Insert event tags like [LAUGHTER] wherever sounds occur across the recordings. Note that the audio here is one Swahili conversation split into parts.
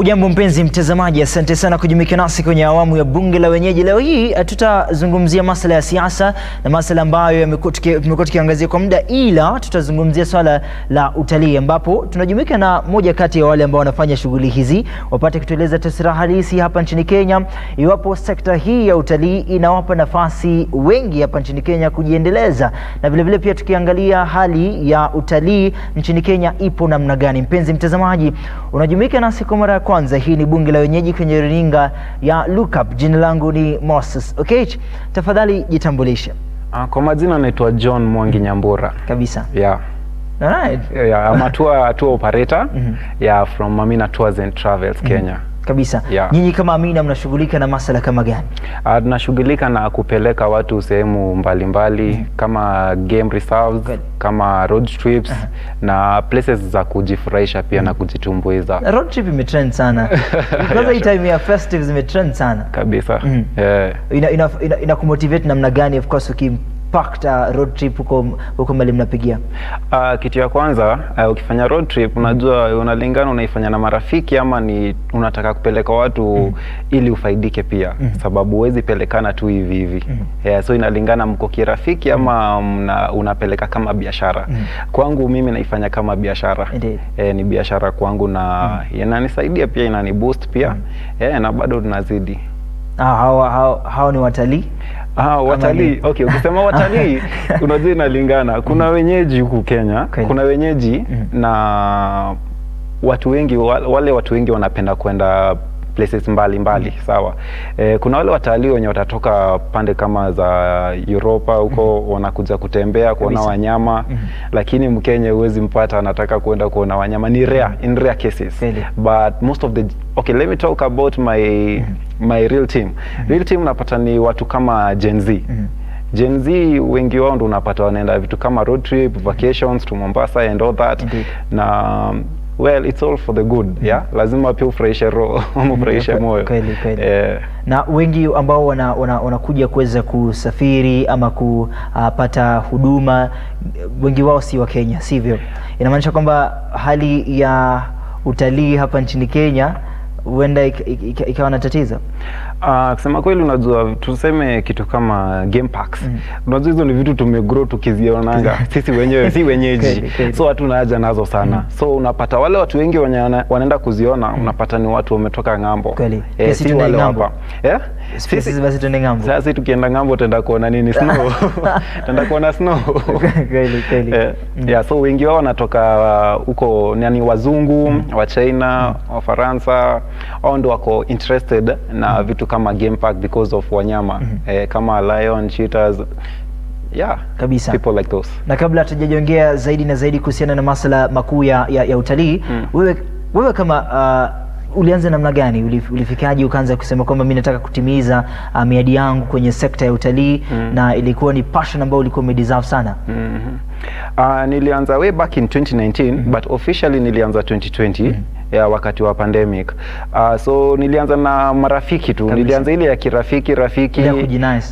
Hujambo mpenzi mtazamaji, asante sana kujumuika nasi kwenye awamu ya bunge la wenyeji. Leo hii eh, tutazungumzia masuala ya siasa na masuala ambayo tumekuwa tukiangazia kwa muda, ila tutazungumzia swala la utalii, ambapo tunajumuika na moja kati ya wale ambao wanafanya shughuli hizi, wapate kutueleza taswira halisi hapa nchini Kenya, iwapo sekta hii ya utalii inawapa nafasi wengi hapa nchini Kenya kujiendeleza, na vilevile pia tukiangalia hali ya utalii nchini Kenya ipo namna gani. Mpenzi mtazamaji, unajumuika nasi kwa mara kwanza. Hii ni bunge la wenyeji kwenye runinga ya Lookup. Jina langu ni Moses Okech, tafadhali jitambulishe. Uh, kwa majina naitwa John Mwangi Nyambura kabisa. Yeah. All right. Yeah, I'm a tour, tour operator. mm -hmm. Yeah, from Mamina Tours and Travels, mm-hmm. Kenya. mm -hmm kabisa yeah. Nyinyi kama Amina mnashughulika na masala kama gani? Ah, tunashughulika na kupeleka watu sehemu mbalimbali mm. -hmm. kama game reserves okay. kama road trips uh -huh. na places za kujifurahisha pia mm. -hmm. na mm-hmm. kujitumbuiza. Road trip imetrend sana [LAUGHS] kwanza hii time ya festive zimetrend sana kabisa mm. -hmm. yeah. ina, ina, ina, ina kumotivate namna gani of course ukim packed uh, road trip huko huko mbali mnapigia? Uh, kitu ya kwanza uh, ukifanya road trip unajua unalingana unaifanya na marafiki ama ni unataka kupeleka watu mm. ili ufaidike pia mm. sababu huwezi pelekana tu hivi hivi mm. yeah, so inalingana mko kirafiki ama mna, unapeleka kama biashara mm. kwangu mimi naifanya kama biashara eh, ni biashara kwangu na mm. inanisaidia pia boost pia mm. yeah, na bado tunazidi hao ah, hao ni watalii Ah, watalii. Okay, ukisema watalii unajua [LAUGHS] inalingana. Kuna mm. wenyeji huku Kenya, okay. kuna wenyeji mm. na watu wengi wale watu wengi wanapenda kwenda places mbali mbali, mm. -hmm. Sawa e, kuna wale watalii wenye watatoka pande kama za Europa huko mm. -hmm. wanakuja kutembea kuona wanyama mm. -hmm. lakini Mkenya huwezi mpata anataka kuenda kuona wanyama, ni rare mm -hmm. in rare cases really? but most of the okay let me talk about my mm. -hmm. my real team mm. -hmm. real team napata ni watu kama Gen Z mm. -hmm. Gen Z wengi wao ndo unapata wanaenda vitu kama road trip mm-hmm. vacations to Mombasa and all that Indeed. na well it's all for the good mm -hmm. yeah? Lazima pia ufurahishe roho umfurahishe [LAUGHS] mm, moyo kweli kweli. Eh, na wengi ambao wanakuja wana, wana kuweza kusafiri ama kupata huduma wengi wao si wa Kenya, sivyo? Inamaanisha kwamba hali ya utalii hapa nchini Kenya huenda ikawa ik, ik, ik, ik, ik, ik, ik, na tatizo Uh, kusema kweli unajua tuseme kitu kama game packs. Mm. Unajua hizo ni vitu tumegrow tukizionanga [LAUGHS] sisi wenyewe si wenyeji so hatuna haja nazo sana. Mm. So unapata wale watu wengi wanaenda kuziona mm. Unapata ni watu wametoka ng'ambo. Kweli. Eh, si wale hapa. Yeah? Sisi basi tuende ng'ambo. Sasa sisi tukienda ng'ambo tutaenda kuona nini? [LAUGHS] Snow. [LAUGHS] Tutaenda kuona snow. Kweli kweli. Yeah. Mm. Yeah, so wengi wao wanatoka uh, huko uh, nani wazungu, mm. wa China, mm. wa Faransa, au ndio wako interested na mm. vitu kama game park because of wanyama mm -hmm. eh, kama lion, cheetahs Yeah, kabisa people like those. Na kabla hatujajongea zaidi na zaidi kuhusiana na masuala makuu ya, ya, ya utalii mm. wewe, wewe kama uh, ulianza namna gani? Ulif, ulifikaje ukaanza kusema kwamba mimi nataka kutimiza uh, miadi yangu kwenye sekta ya utalii mm. na ilikuwa ni passion ambayo ulikuwa umedeserve sana mm -hmm. Uh, nilianza way back in 2019 mm -hmm. but officially nilianza 2020 mm -hmm. ya wakati wa pandemic. Uh, so nilianza na marafiki tu Kabisa. Nilianza ile ya kirafiki rafiki, ya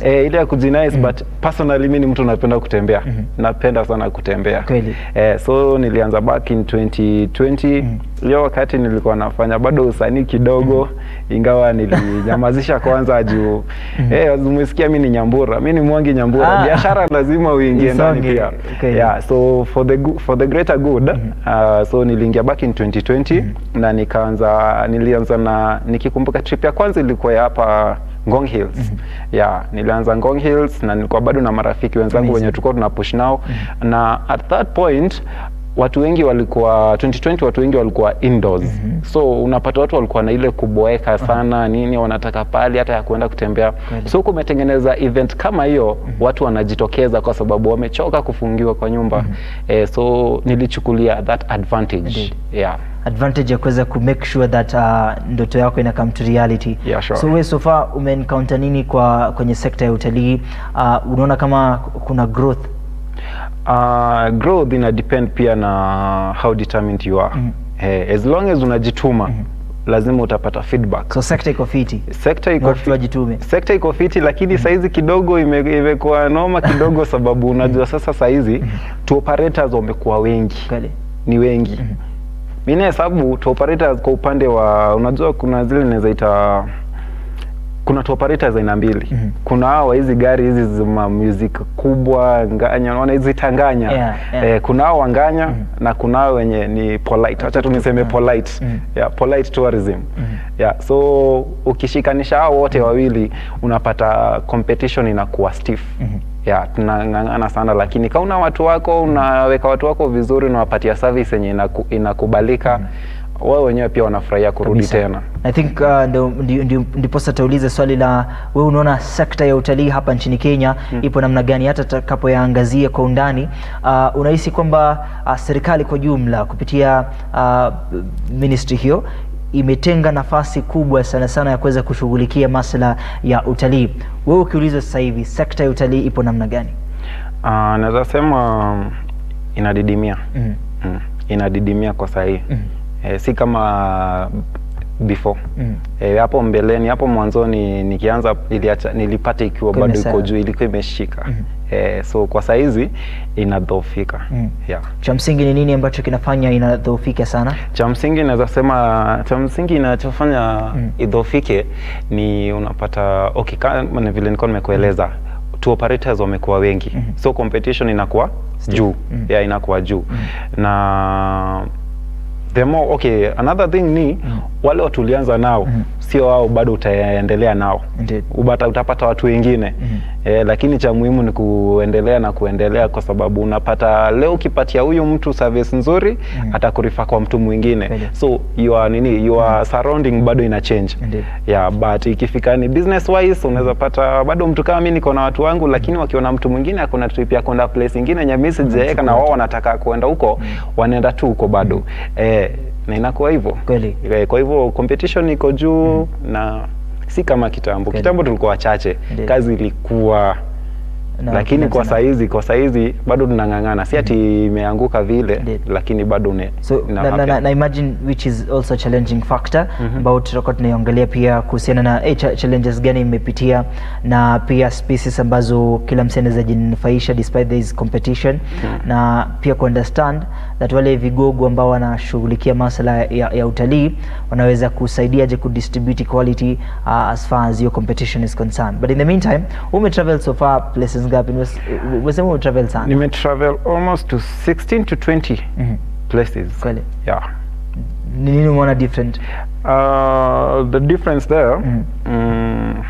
eh, ile ya kujinais mm -hmm. but personally mimi ni mtu napenda kutembea mm -hmm. napenda sana kutembea Kweli. eh, so nilianza back in 2020 mm -hmm. Leo wakati nilikuwa nafanya bado usanii kidogo mm -hmm. ingawa nilinyamazisha [LAUGHS] kwanza juu mm eh, umesikia mimi ni nyambura, mimi ni mwangi nyambura ah. biashara lazima uingie ndani pia okay yeah, so for the for the greater good mm -hmm. uh, so niliingia back in 2020 mm -hmm. na nikaanza nilianza na nikikumbuka trip ya kwanza ilikuwa ya hapa Ngong Hills. Mm -hmm. Yeah, nilianza Ngong Hills na nilikuwa bado na marafiki wenzangu wenye tulikuwa tunapush nao mm -hmm. na at that point watu wengi walikuwa 2020 watu wengi walikuwa indoors mm -hmm. so unapata watu walikuwa na ile kuboeka ah. sana uh -huh. nini wanataka pali hata ya kuenda kutembea Kwele. so kumetengeneza event kama hiyo mm -hmm. watu wanajitokeza kwa sababu wamechoka kufungiwa kwa nyumba mm -hmm. eh, so nilichukulia that advantage Indeed. yeah advantage ya kuweza ku make sure that uh, ndoto yako ina come to reality yeah, sure. so wewe so far umeencounter nini kwa kwenye sekta ya utalii uh, unaona kama kuna growth Uh, growth ina depend pia na how determined you are. Mm -hmm. Eh, hey, as long as unajituma mm -hmm. lazima utapata feedback. So sector iko fiti. Sector iko fiti. Sector iko fiti lakini mm -hmm. saizi kidogo imekuwa ime noma kidogo [LAUGHS] sababu unajua mhm. sasa saizi mm -hmm. tu operators wamekuwa wengi. Kale. Ni wengi. Mm -hmm. Mimi na nahesabu tu operators kwa upande wa unajua kuna zile nazaita kuna tu operators aina mbili mm -hmm. kuna hawa hizi gari hizi zima music kubwa nganya, unaona hizi tanganya yeah, yeah. Eh, kuna hao wanganya mm -hmm. na kuna hao wenye ni polite, acha tu niseme polite mm -hmm. yeah, polite tourism mm -hmm. yeah, so ukishikanisha hao wote mhm. wawili unapata competition inakuwa stiff mm -hmm ya tunang'ang'ana sana lakini kauna watu wako mhm. unaweka watu wako vizuri, unawapatia service yenye inaku, inakubalika mm -hmm wao wenyewe pia wanafurahia kurudi kabisa tena. I think uh, ndiposa tauliza swali la wewe, unaona sekta ya utalii hapa nchini Kenya hmm, ipo namna gani, hata takapoyaangazia kwa undani uh, unahisi kwamba uh, serikali kwa jumla kupitia uh, ministry hiyo imetenga nafasi kubwa sana sana ya kuweza kushughulikia masuala ya utalii. Wewe ukiulizwa sasa hivi sekta ya utalii ipo namna gani? Uh, naweza sema um, inadidimia. mm -hmm. mm. Inadidimia kwa sahihi. mm -hmm e, si kama before mm. E, hapo mbeleni, hapo mwanzoni nikianza niliacha, nilipata ikiwa bado iko juu, ilikuwa imeshika mm. E, so kwa saizi inadhoofika mm. Yeah. Cha msingi ni nini ambacho kinafanya inadhoofika sana? Cha msingi naweza sema, cha msingi inachofanya mm. idhoofike ni unapata okay, kama vile nilikuwa nimekueleza mm. tu operators wamekuwa wengi mm -hmm. so competition inakuwa juu mm -hmm. yeah, inakuwa juu mm na the more okay another thing ni mm wale watu ulianza nao mm -hmm. sio wao, bado utaendelea nao Ubata, utapata watu wengine mm -hmm. e, lakini cha muhimu ni kuendelea na kuendelea, kwa sababu unapata leo ukipatia huyu mtu service nzuri mm -hmm. atakurifa kwa mtu mwingine Indeed. so your nini your mm -hmm. surrounding bado ina change yeah, but ikifika ni business wise unaweza pata bado mtu kama mimi niko na watu wangu, lakini mm. wakiona mtu mwingine akona trip ya kwenda place nyingine nyamisi mm -hmm. na wao wanataka kwenda huko mm -hmm. wanaenda tu huko bado mm -hmm. e, na inakuwa hivyo kweli. Kwa hivyo competition iko juu mm. na si kama kitambo. Kitambo tulikuwa wachache, kazi ilikuwa na, lakini kwa saizi kwa saizi bado tunang'ang'ana, si ati mhm. imeanguka vile Did. lakini bado ne, so, na, na, na, na imagine which is also challenging factor ambao mm -hmm. tutakuwa tunaiongelea pia kuhusiana na eh, challenges gani imepitia na pia species ambazo kila msanii anazinufaisha despite this competition mm -hmm. na pia ku understand that wale vigogo ambao wanashughulikia masuala ya, ya utalii wanaweza kusaidia je kudistribute quality uh, as far as your competition is concerned. But in the meantime, ume travel so far places ngapi? Umesema ume travel sana. Nime travel almost to 16 to 20 mm -hmm. places. Kweli. Yeah. Nini umeona different? Uh, the difference there. Mm-hmm. Mm -hmm. um,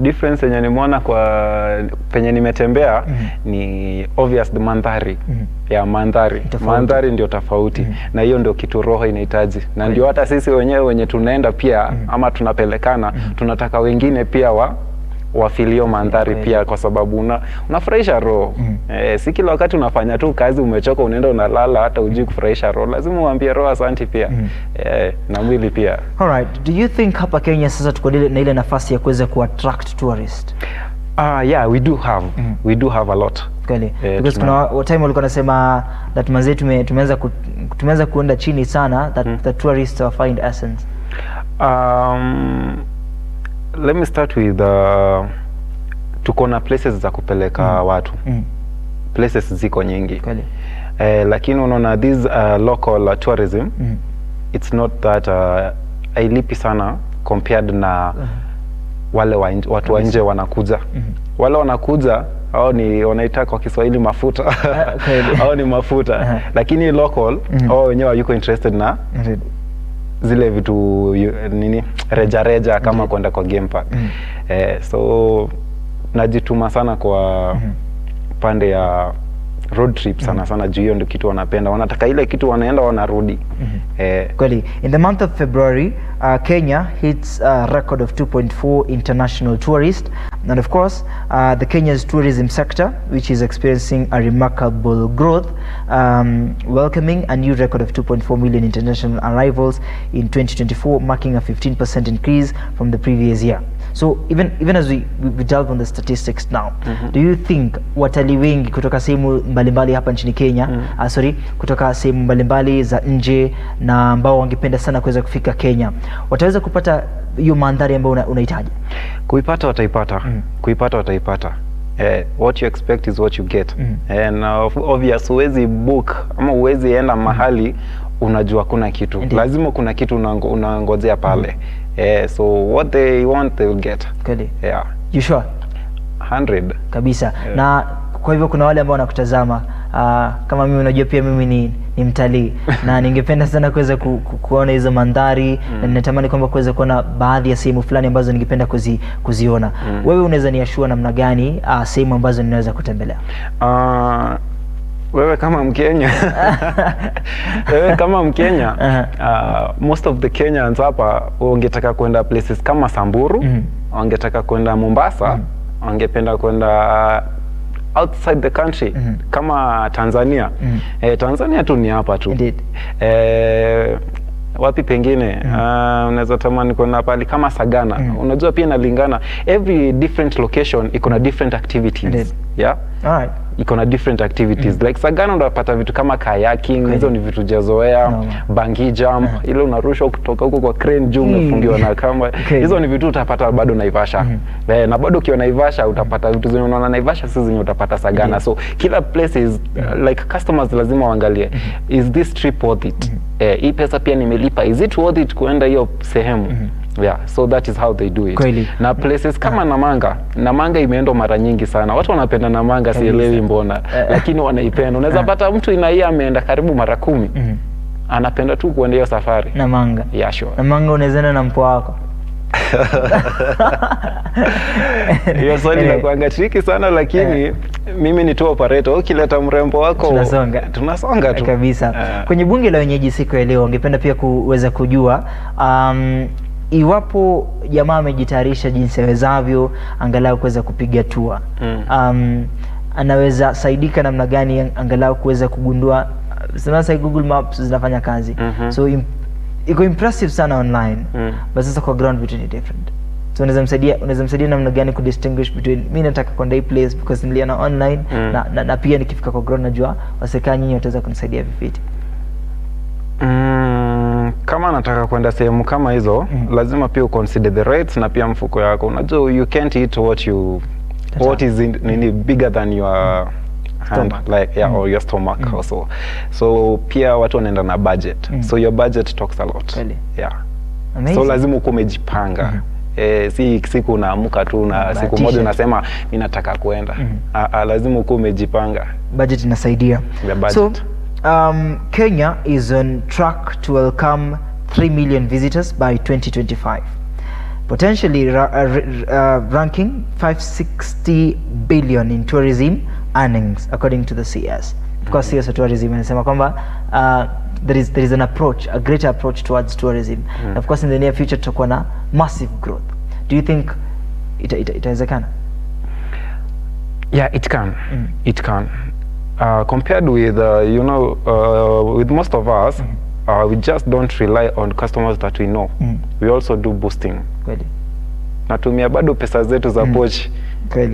difference yenye nimeona kwa penye nimetembea mm -hmm. ni obvious the mandhari mm -hmm. ya mandhari mandhari ndio tofauti mm -hmm. na hiyo ndio kitu roho inahitaji na ndio hata sisi wenyewe wenye tunaenda pia mm -hmm. ama tunapelekana mm -hmm. tunataka wengine pia wa wafilio mandhari pia kwa sababu una, unafurahisha roho mm. E, si kila wakati unafanya tu kazi umechoka unaenda unalala hata ujui kufurahisha roho, lazima uambie roho asanti pia mm. E, na mwili pia. Alright, do you think hapa Kenya sasa tuko na ile nafasi ya kuweza ku attract tourist? Ah, yeah, we do have mm. we do have a lot kweli eh, because tuna... kuna time walikuwa nasema that manzee tume, tumeanza ku, tumeanza kuenda chini sana that mm. the tourists are find essence um, let me start with uh, tuko na places za kupeleka mm. watu mm. places ziko nyingi uh, lakini unaona this uh, local uh, tourism mm. it's not that uh, ailipi sana compared na mm. wale wa inje, watu wa nje wanakuja mm. wale wanakuja au ni wanaita kwa Kiswahili mafuta ah, au [LAUGHS] ni mafuta uh -huh. lakini local mm. Mm-hmm. au wenyewe yuko interested na zile vitu nini rejareja reja, kama mm -hmm. kwenda kwa game park mm -hmm. eh, so najituma sana kwa mm -hmm. pande ya road trip sana mhm. sana juu hiyo ndio kitu wanapenda, wanataka ile kitu wanaenda wanarudi. mm -hmm. Eh, kweli in the month of February uh, Kenya hits a record of 2.4 international tourist and of course uh, the Kenya's tourism sector which is experiencing a remarkable growth um, welcoming a new record of 2.4 million international arrivals in 2024 marking a 15% increase from the previous year. So even, even as we, we delve on the statistics now mm -hmm. do you think watalii wengi kutoka sehemu mbalimbali hapa nchini Kenya mm -hmm. uh, sorry, kutoka sehemu mbalimbali za nje na ambao wangependa sana kuweza kufika Kenya wataweza kupata hiyo mandhari ambayo unahitaji? Una kuipata wataipata mm -hmm. kuipata wataipata Eh, what you expect is what you get mm -hmm. and uh, obvious huwezi book ama huwezi enda mahali mm. unajua kuna kitu Indeed. lazima kuna kitu unango, unangojea pale mm -hmm. Yeah, so what they want they will get. Kweli? Yeah. You sure? 100. Kabisa. Yeah. Na kwa hivyo kuna wale ambao wanakutazama uh, kama mimi unajua pia mimi ni, ni mtalii [LAUGHS] na ningependa sana kuweza ku, ku, kuona hizo mandhari mm. na ninatamani kwamba kuweza kuona baadhi ya sehemu fulani ambazo ningependa kuzi, kuziona mm. Wewe unaweza niashua namna gani uh, sehemu ambazo ninaweza kutembelea? Uh, wewe kama Mkenya [LAUGHS] wewe kama Mkenya uh, most of the Kenyans hapa wangetaka kwenda places kama Samburu mm -hmm. wangetaka kwenda Mombasa mm -hmm. wangependa kwenda outside the country mm -hmm. kama Tanzania mm -hmm. eh, Tanzania tu ni hapa tu eh, wapi pengine mm -hmm. uh, unaweza tamani kuona pale kama Sagana mm -hmm. unajua pia inalingana every different location iko na different activities Indeed yeah right. iko na different activities mm. like Sagana unapata vitu kama kayaking hizo ni vitu jazoea no. bangi jump uh eh. -huh. ile unarushwa kutoka huko kwa crane juu mm. umefungiwa mm. na [LAUGHS] kamba hizo ni vitu utapata bado Naivasha mm -hmm. na bado ukiwa Naivasha utapata vitu zenye unaona Naivasha si zenye utapata Sagana yeah. so kila place is like customers lazima waangalie mm -hmm. is this trip worth it mm -hmm. eh, hii pesa pia nimelipa is it worth it kuenda hiyo sehemu mm -hmm Yeah, so that is how they do it. Kweli. Na places kama Namanga, Namanga imeendwa mara nyingi sana. Watu wanapenda Namanga, sielewi mbona, eh, eh. lakini wanaipenda. Unaweza eh. pata mtu inaia ameenda karibu mara kumi. mm -hmm. Anapenda tu kuenda hiyo safari Namanga. Yeah, sure. Namanga unaweza na mpoa wako [LAUGHS] hiyo swali inakuanga triki sana lakini Mimi ni tu operator, ukileta mrembo wako tunasonga, tunasonga tu kabisa. Kwenye bunge la wenyeji siku ya leo, ungependa pia kuweza kujua um, iwapo jamaa amejitayarisha jinsi awezavyo angalau kuweza kupiga hatua mm. um, anaweza saidika namna gani angalau kuweza kugundua sasa Google Maps zinafanya kazi mm -hmm. so imp iko impressive sana online mm. but sasa kwa ground vitu ni different so unaweza msaidia unaweza msaidia namna gani ku distinguish between mimi nataka kwenda hii place because niliona online mm. na, na, na pia nikifika kwa ground najua wasekaa nyinyi wataweza kunisaidia vifiti kama anataka kwenda sehemu kama hizo mm -hmm. lazima pia uconsider the rates na pia mfuko yako. Unajua you can't eat what you That's what is in, nini bigger than your mm -hmm. Hand, like, yeah, mm. or your stomach mm. also. So pia watu wanaenda na budget mm. so your budget talks a lot really? yeah. Amazing. So lazima uko umejipanga mm -hmm. eh, si siku unaamka tu na Batisha. siku moja unasema nataka kuenda mm -hmm. Ah, ah, lazima uko umejipanga. Budget inasaidia. So um, Kenya is on track to welcome 3 million visitors by 2025, potentially ra uh, uh ranking 560 billion in tourism earnings according to the CS. Of course, mm-hmm. CS for tourism inasema kwamba uh, there is there is an approach, a greater approach towards tourism. Mm. Of course, in the near future tutakuwa na massive growth. Do you think itawezekana? a can? yeah, it can. Mm. It can uh, compared with uh, you know uh, with most of us mm -hmm. uh, we just don't rely on customers that we know mm. we also do boosting natumia bado pesa zetu za mm. pochi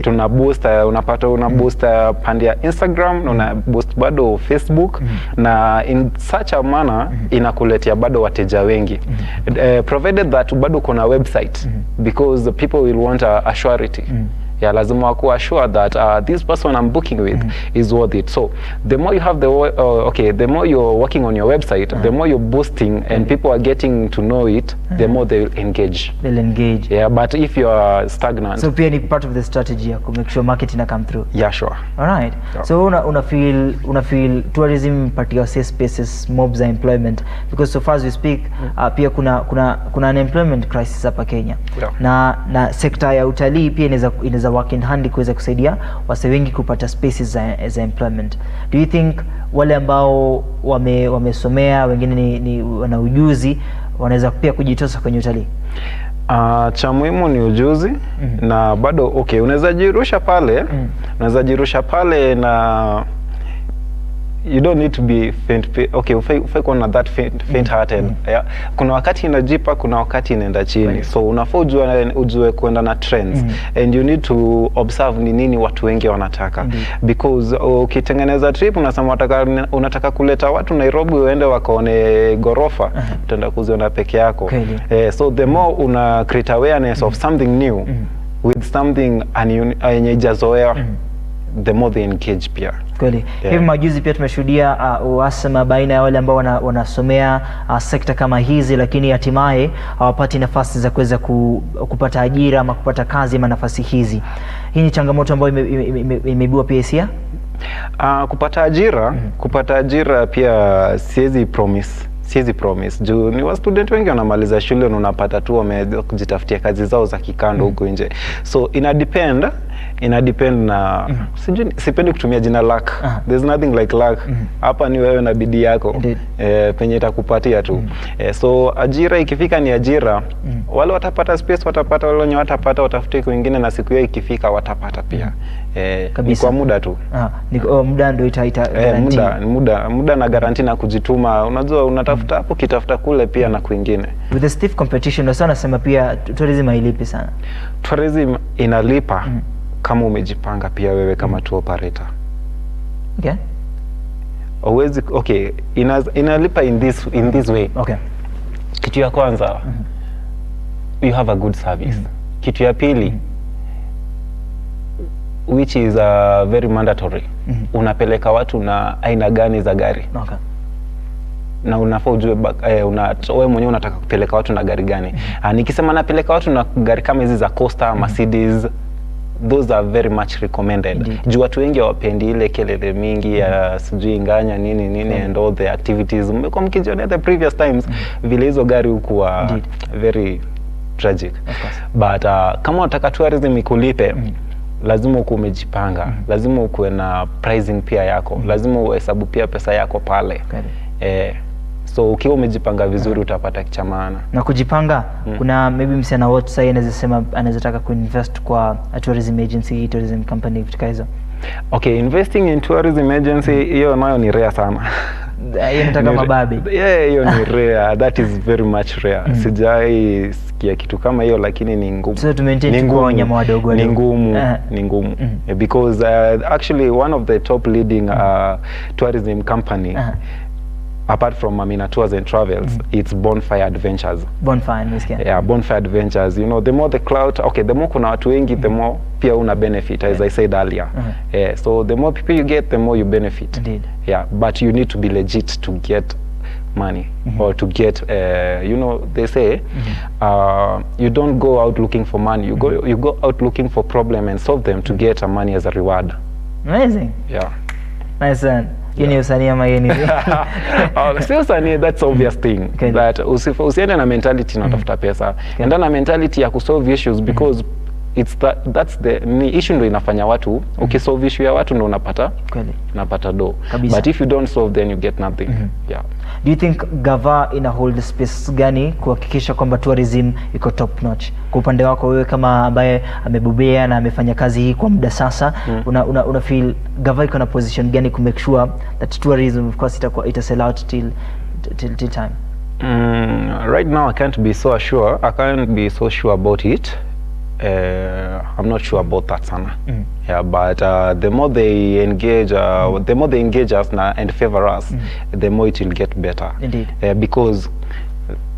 tuna boost uh, unapata una mm. boost uh, pande ya Instagram mm. una boost bado Facebook mm. na in such a manner mm. inakuletea bado wateja wengi mm. uh, provided that bado kuna website mm. because people will want a, a surety mm yeah, lazima kuwa sure that uh, this person I'm booking with mm -hmm. is worth it. So the more you have the uh, okay, the more you're working on your website, mm -hmm. the mm-hmm. more you're boosting and mm -hmm. people are getting to know it, mm -hmm. the mm-hmm. more they'll engage. They'll engage. Yeah, but if you are stagnant. So pia ni part of the strategy ya make sure marketing come through. Yeah, sure. All right. Yeah. So una, una feel una feel tourism particular safe spaces mobs are employment because so far as we speak mm -hmm. uh, pia kuna kuna kuna unemployment crisis hapa Kenya. Yeah. Na na sekta ya utalii pia inaweza za work in hand kuweza kusaidia wase wengi kupata spaces za, za employment. Do you think wale ambao wame, wamesomea wengine ni, ni wana ujuzi wanaweza pia kujitosa kwenye utalii? Uh, cha muhimu ni ujuzi mm -hmm. na bado okay, unaweza jirusha pale mm -hmm. unaweza jirusha pale na you don't need to be faint okay, ufai, ufai kuna that faint, faint hearted mm -hmm. yeah. Kuna wakati inajipa, kuna wakati inaenda chini right. So unafaa ujue, ujue kuenda na trends mm -hmm. and you need to observe ni nini watu wengi wanataka mm -hmm. because uh, ukitengeneza trip unasema unataka, unataka kuleta watu Nairobi uende wakaone gorofa uh -huh. utaenda kuziona peke yako okay, yeah. Yeah, so the more una create awareness mm -hmm. of mm-hmm. something new mm -hmm. with something yenye jazoea mm -hmm the more they engage pia kweli. Yeah. Hivi majuzi pia tumeshuhudia uh, uhasama baina ya wale ambao wanasomea uh, sekta kama hizi, lakini hatimaye hawapati uh, nafasi za kuweza ku, kupata ajira ama kupata kazi ama nafasi hizi. Hii ni changamoto ambayo imeibua ime, ime, ime pia hisia uh, kupata ajira mm -hmm. Kupata ajira pia siwezi promise siwezi promise juu ni wa student wengi wanamaliza shule na unapata tu wamejitafutia kazi zao za kikando mm-hmm. huko mm -hmm. nje so ina depend ina depend na mm -hmm. Sijui, sipendi kutumia jina luck. Uh -huh. There's nothing like luck mhm. hapa. mm -hmm. Ni wewe na bidii yako eh, penye itakupatia tu. mm -hmm. Eh, so ajira ikifika ni ajira. mm -hmm. Wale watapata space watapata, wale wenye watapata watafute kwingine, na siku hiyo ikifika watapata pia. Mhm. eh, ni kwa muda tu. ah, oh, muda ndio ita, ita eh, muda, muda, muda na garanti na kujituma, unajua unatafuta mhm. hapo mm -hmm. kitafuta kule pia mm na kwingine with the stiff competition, ndio nasema pia tourism hailipi sana. Tourism inalipa mm -hmm kama umejipanga pia wewe kama mm. tour operator. Okay. Uwezi, okay, inaz, inalipa in this, in this way. Okay. Kitu ya kwanza mm -hmm. you have a good service mm -hmm. Kitu ya pili mm -hmm. which is a uh, very mandatory mm -hmm. unapeleka watu na aina gani za gari okay. na unafaa ujue eh, una, wewe mwenyewe unataka kupeleka watu na gari gani? mm -hmm. Nikisema napeleka watu na gari kama hizi za Costa, mm-hmm. Mercedes mm -hmm those are very much recommended Juu watu wengi hawapendi ile kelele mingi ya sijui nganya nini nini and all the activities mmekuwa mkijionea the previous times mm. vile hizo gari hukuwa very tragic but uh, kama unataka tourism ikulipe mm -hmm lazima ukuwe umejipanga mm -hmm. lazima ukuwe na pricing pia yako mm -hmm. lazima uhesabu pia pesa yako pale okay. eh, so ukiwa umejipanga vizuri yeah. utapata kicha maana na kujipanga mm. kuna maybe msichana wote sahii anaweza sema anawezataka kuinvest kwa tourism agency tourism company vitu hizo okay investing in tourism agency hmm. hiyo mm. nayo ni rare sana nataka [LAUGHS] mababe yeah, hiyo ni [LAUGHS] rare that is very much rare mm. sijai sikia kitu kama hiyo lakini ni ngumu so, eh. ni ngumu wadogo ni ngumu uh -huh. ni ngumu mm. because uh, actually one of the top leading hmm. uh, tourism company uh -huh apart from Amina Tours and Travels, mm. it's Bonfire Adventures. Bonfire Music. Yeah, Bonfire Adventures. You know, the more the clout, okay, the more kuna watu wengi, mm. the more pia una benefit as yeah. I said earlier. Mm -hmm. Yeah, so the more people you get, the more you benefit. Indeed. Yeah, but you need to be legit to get money mm -hmm. or to get uh, you know they say mm -hmm. uh, you don't go out looking for money you mm -hmm. go mm-hmm. you go out looking for problem and solve them to get a money as a reward amazing yeah nice then uh, hiyo ni usanii ama ni sio usanii, that's obvious thing that usiende na mentality natafuta mm. pesa, enda na mentality ya kusolve issues mm-hmm. because It's that, that's the ni issue ndo inafanya watu mm -hmm. Ukisolve issue ya watu ndo unapata unapata do, but if you don't solve then you get nothing mm -hmm. yeah do you think gava ina hold space gani kuhakikisha kwamba tourism iko top notch kwa upande wako wewe kama ambaye amebobea na amefanya kazi hii kwa muda sasa mm. una, una, una feel gava iko na position gani ku make sure that tourism of course itakuwa ita sell out till, till, till time mm, right now i can't be so sure i can't be so sure about it Uh, I'm not sure about that sana. Mm. Yeah, but uh, the more they engage, uh, mm. the more they engage us na, and favor us, mm. the more it will get better. Indeed. Uh, because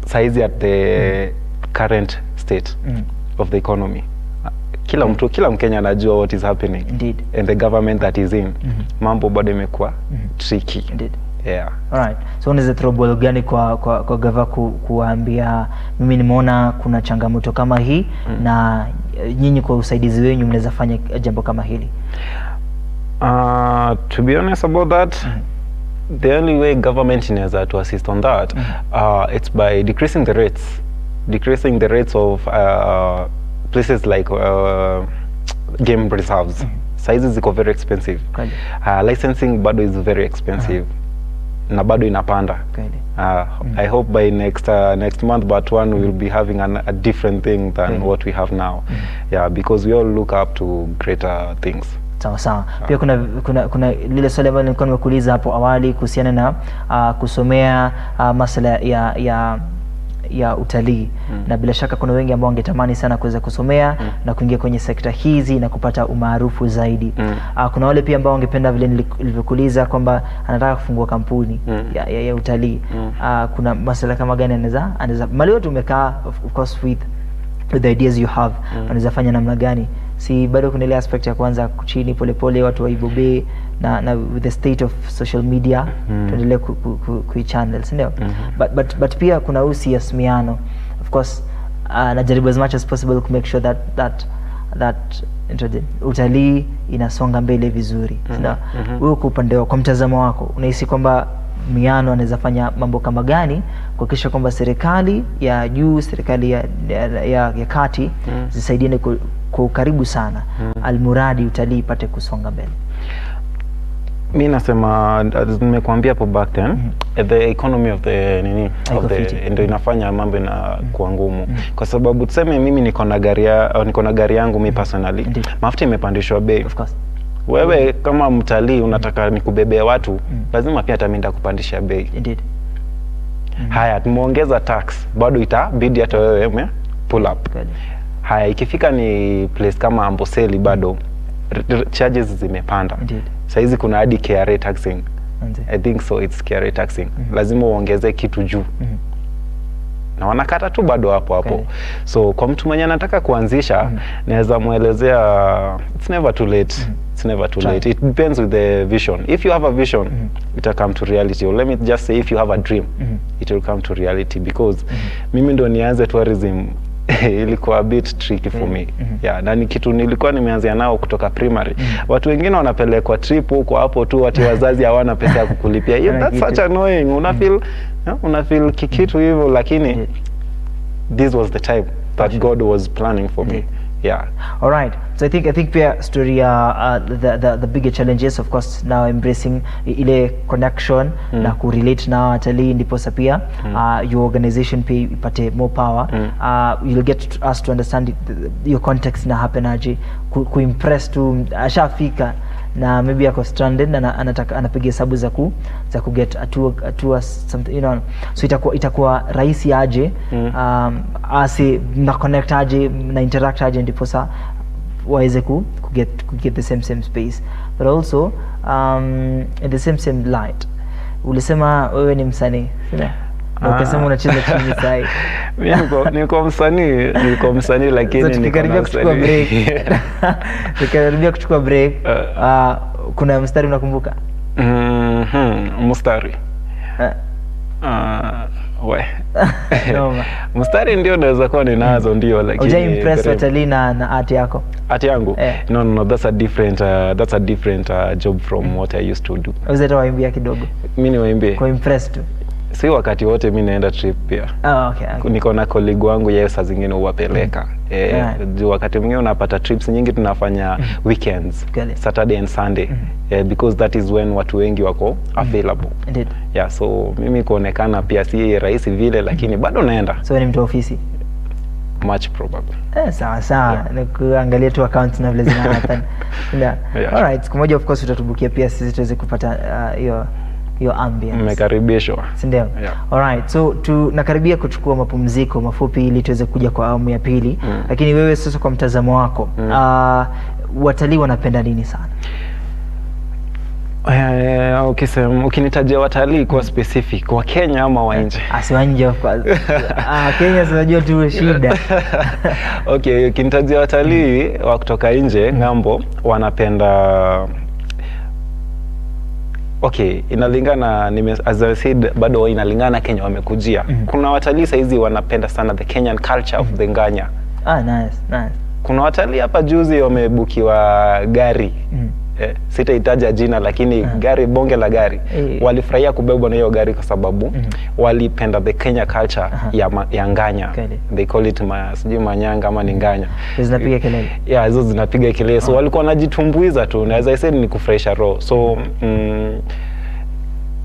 saizi at the mm. current state mm. of the economy uh, kila mtu kila Mkenya anajua what is happening Indeed. and the government that is in mm -hmm. mambo bado imekuwa mm -hmm. tricky Indeed. Yeah. Alright. So unaweza throw ball gani kwa kwa, kwa Gava ku, kuambia mimi nimeona kuna changamoto kama hii mm. na eh, nyinyi kwa usaidizi wenyu mnaweza fanya eh, jambo kama hili. Uh, to be honest about that mm. the only way government inaweza to assist on that mm. uh, it's by decreasing the rates decreasing the rates of uh, places like uh, game reserves. Mm. Sizes ziko very expensive. Uh, licensing bado is very expensive. mm na bado inapanda. Uh, mm. I hope by next uh, next month but one mm. will be having an, a different thing than mm. what we have now. Mm. Yeah, because we all look up to greater things. Sawa sawa. Ah. Pia kuna, kuna, kuna lile swali ambalo nilikuwa nimekuuliza hapo awali kuhusiana na uh, kusomea uh, masala ya, ya ya utalii mm. na bila shaka kuna wengi ambao wangetamani sana kuweza kusomea mm. na kuingia kwenye sekta hizi na kupata umaarufu zaidi mm. Aa, ah, kuna wale pia ambao wangependa vile nilivyokuuliza kwamba anataka kufungua kampuni mm. ya, ya, ya utalii mm. Aa, ah, kuna masuala kama gani anaweza anaweza mali wote umekaa of course with, with the ideas you have mm. anaweza fanya namna gani si bado kuna ile aspect ya kwanza chini polepole watu waibobee na, na with the state of social media mm. tuendelee kuichannel ku, ku, ku sindio mm -hmm. but, but, but pia kuna huu siasmiano of course uh, najaribu as much as possible kumake sure that, that, that utalii inasonga mbele vizuri mm -hmm. mm -hmm. kwa upande wako kwa mtazamo wako unahisi kwamba miano anaweza fanya mambo kama gani kuhakikisha kwamba serikali ya juu serikali ya, ya, ya, ya kati mm. zisaidiane kwa ukaribu sana hmm. Almuradi utalii ipate kusonga mbele. Mi nasema nimekuambia po back then mm -hmm. the economy of the nini ndo inafanya mambo ina mm -hmm. kuwa ngumu mm -hmm. kwa sababu tuseme mimi niko na gari niko na gari yangu mi hmm. personally mm -hmm. mafuta imepandishwa bei wewe mm -hmm. kama mtalii unataka mm -hmm. nikubebea watu mm -hmm. lazima pia tamenda kupandisha bei mm -hmm. haya tumeongeza tax bado itabidi hata wewe ume pull up Good. Haya, ikifika ni place kama Amboseli bado charges zimepanda. Sahizi kuna hadi KRA taxing. I think so it's KRA taxing. Mm -hmm. Lazima uongeze kitu juu. Mm -hmm na wanakata tu bado hapo hapo. Okay. So kwa mtu mwenye anataka kuanzisha mm -hmm. naweza mwelezea it's never too late. Mm -hmm. It's never too late. It depends with the vision. If you have a vision, mm -hmm. come to reality. Or let me just say if you have a dream, mm -hmm. it will come to reality because mm -hmm. mimi ndo nianze tourism [LAUGHS] ilikuwa bit tricky for mm-hmm. me mm -hmm. yeah, na ni kitu nilikuwa nimeanzia nao kutoka primary mm -hmm. Watu wengine wanapelekwa trip huko hapo tu wati wazazi hawana pesa ya kukulipia hiyo [LAUGHS] that's such annoying una mm-hmm. feel mm -hmm. una feel kikitu mm-hmm. hivyo lakini yeah. this was the time that God was planning for me mm -hmm yeah all right so i think i think pia story uh, uh, the, the, the bigger challenges of course now embracing ile connection mm. na kurelate na watalii ndiposa pia mm. uh, your organization pia ipate more power mm. uh, you'll get us to understand it, your context na happen ku, kuimpress ku tu uh, ashafika na maybe ako stranded na anataka anapiga hesabu za ku za ku get atua, atua something you know so itakuwa itakuwa rahisi aje mm. um, asi na connect aje na interact aje ndipo sa waweze ku, ku, get, ku get the same same space but also um, in the same same light ulisema wewe ni msanii yeah. Ukasema ah. unacheza chini [LAUGHS] sai. niko msanii, niko msanii lakini [LAUGHS] kuchukua break. kuchukua eh. ah, break. kuna mstari unakumbuka? Mhm, mstari. Eh. Ah, we. [LAUGHS] Mstari ndio naweza kuwa ninazo ndio mm. watalii na na art yako. Art yangu. Eh. No, no no that's a different uh, that's a different uh, job from mm. what I used to do. Uzeta waimbia kidogo. ni waimbie. tu si wakati wote mi naenda trip pia. Oh, okay, okay. Niko na colleague wangu yeye saa zingine huwapeleka mm. Mm-hmm. E, yeah. Wakati mwingine unapata trips nyingi tunafanya mm. weekends Saturday and Sunday mm. -hmm. E, because that is when watu wengi wako mm-hmm. available mm. Indeed. Yeah, so mimi kuonekana pia si rahisi vile lakini mm. -hmm. bado naenda. So ni mtu ofisi much probably. Eh, sawa sawa. Yeah. Nikuangalia tu accounts na vile zina [LAUGHS] Yeah. Yeah. All right. Kumoja of course utatubukia pia sisi tuweze kupata uh, hiyo uh, your ambience. Mmekaribishwa. Si ndio? Yeah. so tunakaribia kuchukua mapumziko mafupi ili tuweze kuja kwa awamu ya pili mm. Lakini wewe sasa kwa mtazamo wako mm. uh, watalii wanapenda nini sana? Uh, eh, ukinitajia watalii kwa mm. specific wa Kenya ama wa nje? Asi ah, wa nje of course. [LAUGHS] Ah, Kenya tunajua tu shida. [LAUGHS] Okay, ukinitajia watalii wa kutoka nje mm. ng'ambo wanapenda Okay, inalingana nime, as I said, bado inalingana Kenya wamekujia. mm -hmm. Kuna watalii saizi wanapenda sana the Kenyan culture of mhm. the nganya. Ah, nice, nice. Kuna watalii hapa juzi wamebukiwa gari mm -hmm eh, sitahitaja jina lakini -huh. Mm. gari bonge la gari -huh. Eh. walifurahia kubebwa na hiyo gari kwa sababu uh mm. -huh. walipenda the Kenya culture uh -huh. ya, ma, ya nganya okay. they call it ma, sijui manyanga ama ni nganya zinapiga kelele yeah, hizo zinapiga kelele so uh ah. -huh. walikuwa wanajitumbuiza tu na as I said ni kufresha roho so mm,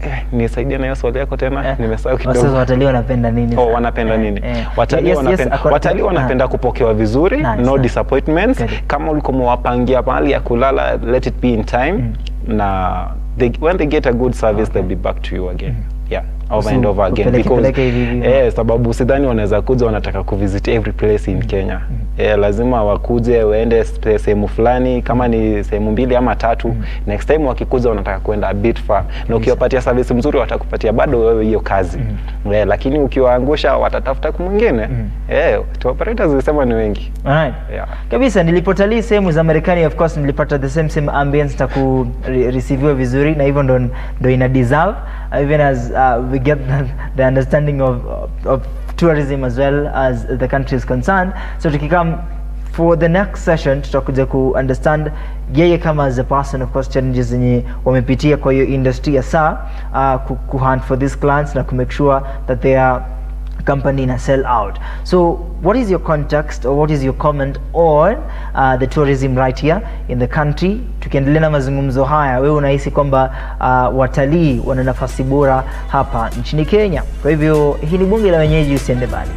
eh, nisaidia na hiyo swali yako tena eh, nimesahau kidogo. Sasa watalii wanapenda nini? Oh, wanapenda eh, nini? Eh, watalii yes, wanapenda, yes, watalii ah. wanapenda kupokewa vizuri nice, no disappointments. Good. Kama ulikomewapangia mahali ya kulala, let it be in time mm. na they, when they get a good service okay. they'll be back to you again mm. yeah over and over again because eh, sababu sidhani wanaweza kuja wanataka kuvisit every place in Kenya. Mm. Eh, lazima wakuje waende sehemu fulani kama ni sehemu mbili ama tatu. Mm. Next time wakikuja wanataka kwenda a bit far. Na ukiwapatia service mzuri watakupatia bado wewe hiyo kazi. Mm. Eh, lakini ukiwaangusha watatafuta kumwingine. Mm Eh, tu operators wanasema ni wengi. Right. Yeah. Kabisa nilipotalii sehemu za Marekani of course nilipata the same same ambience taku receive vizuri na hivyo ndo ndo ina deserve Uh, even as uh, we get the, the understanding of, of, tourism as well as the country is concerned so come for the next session tutakuja ku understand yeye kama as a person of course challenges zenye wamepitia kwa hiyo industry ya saa uh, hunt for these clients na kumake make sure that they are company ina sell out. So what is your context or what is your comment on uh, the tourism right here in the country? Tukiendelea na mazungumzo haya, wewe unahisi kwamba uh, watalii wana nafasi bora hapa nchini Kenya? Kwa hivyo hii ni bunge la wenyeji, usiende mbali.